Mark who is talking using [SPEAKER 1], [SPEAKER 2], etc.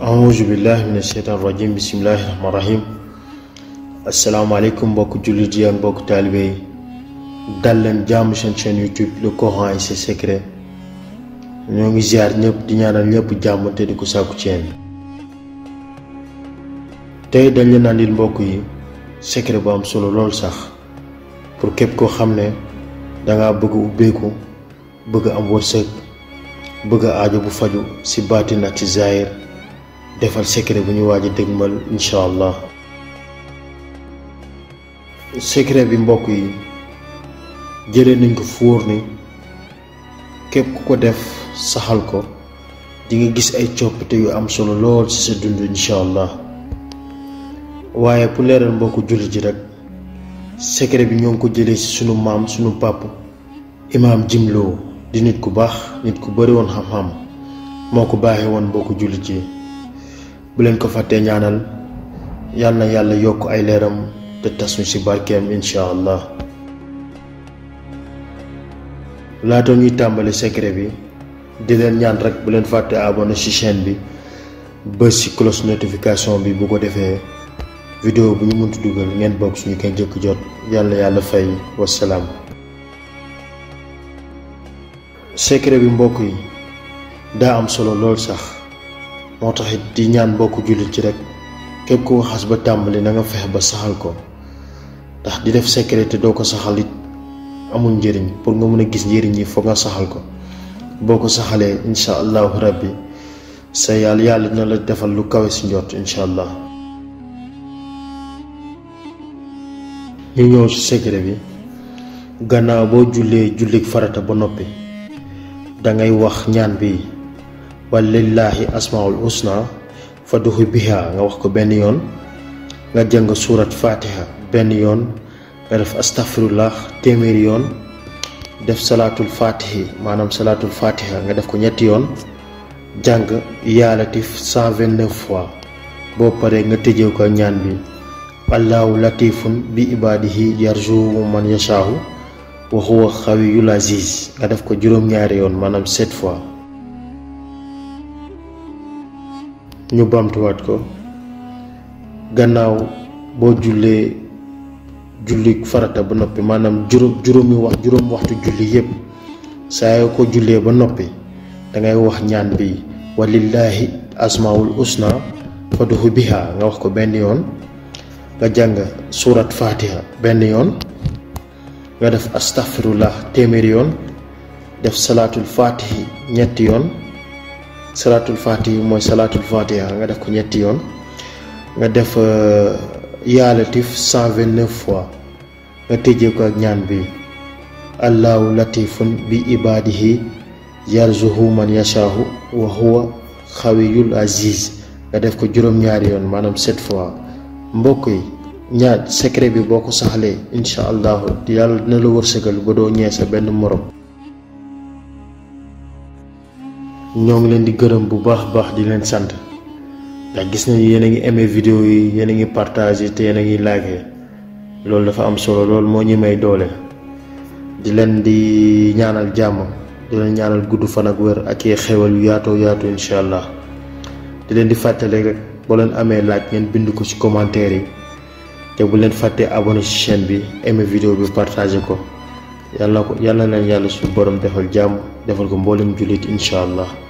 [SPEAKER 1] auzu billahi min asheytaan rajim bismillahi rahmaan rahim asalaamaaleykum mbokk jullit yi ak mbokk taalibe yi dal leen jàmm seen chaîne YouTube le Coran et ses secrets ñoo ngi ziar ñëpp di ñaanal ñëpp jàmm te di ko sàkku ci yéen tey dañ leen andil mbokk yi secret bu am solo lool sax pour képp koo xam ne danga bëgg ubbeeku bëgg am wërsëg bëgg aajo bu faju ci baatin ak ci zaahir defal secret bu ñu waji a inshallah allah secret bi mbokk yi jëlé nañ ko fóor ni képp ku ko def saxal ko di nga gis ay coppite yu am solo lool ci sa dund inshallah allah waaye pour leeral mbokk julli ji rek secret bi ñoo ko jëlé ci sunu maam sunu pàpp imam jimlo, di nit ku baax nit ku bari woon xam-xam moo ko baaxee woon ji buleen ko fàttee ñaanal yàlla na yàlla yokk ay leeram te tas ñu ci barkeem incha allah laata ñuy tàmbali secret bi di leen ñaan rek bu leen fàtte abonné ci chaîne bi bës ci cloche notification bi bu ko defee vidéo bu ñu mënti dugal ngeen bokk suñu koy njëkk jot yàlla yàlla fay wasalaam secret bi mbokk yi daa am solo lool sax mo taxit di ñaan bokku julit ci rek képp ko xas ba tàmbali na nga fexe ba saxal ko ndax di def sécurité doo ko saxal it amul njëriñ pour nga mën a gis njëriñ yi foog nga saxal ko boo ko saxalee insha allahu rabbi sa yàlla yàlla na la defal lu kawe si njort insha ñu ñëw ci secret bi gannaaw boo jullee jullik farata ba noppi ngay wax ñaan bi walillahi asmaul husna faduhu biha nga wax ko benn yoon nga jëng suurat fatiha benn yoon nga def astafirullah téeméeri yoon def salaatul fatihi maanaam salaatul fatiha nga def ko ñetti yoon jàng yaa latif 129 fois boo paree nga tëjee ko ñaan bi allahu latifun bi ibaadihi yarjuhu man yashaahu wa huwa xawiyul aziz nga def ko juróom-ñaari yoon maanaam sept fois ñu bamtuwaat ko gannaaw boo jullee julli farata ba noppi maanaam juróom juróomi wax juróom waxtu julli yépp saa ko jullee ba noppi da ngay wax ñaan bi walillahi asmaul usna faduhu biha nga wax ko benn yoon nga jàng surat fatiha benn yoon nga def astaghfirullah téeméeri yoon def salatul fatihi ñetti yoon salaatul fatiha mooy salaatul fatiha nga def ko ñetti yoon nga def euh, yaa latif cent fois nga tëjee ko ak ñaan bi allahu latifun bi ibaadihi yarzuhu man yashaahu wa huwa xawiyul aziz nga def ko juróom-ñaari yoon maanaam sept fois mbokk yi ñaar secret bi boo ko saxlee incha allahu yàlla dina la wërsëgal ba doo ñee benn morom ñoo ngi leen di gërëm bu baax baax di leen sant ndax gis nañu yéen a ngi aimé vidéo yi yéen a ngi partagé te yéen a ngi like loolu dafa am solo loolu moo ñi may doole di leen di ñaanal jàmm di leen ñaanal gudd fan ak wér ak yee xewal yu yaatoo yaatu incha allah di leen di fàttali rek boo leen amee laaj ngeen bind ko ci commentaire yi te bu leen fàttee abonné ci chaîne bi aimé vidéo bi partagé ko yàlla ko yàlla leen yàlla suñu borom defal jàmm defal ko mboolem jullit incha allah.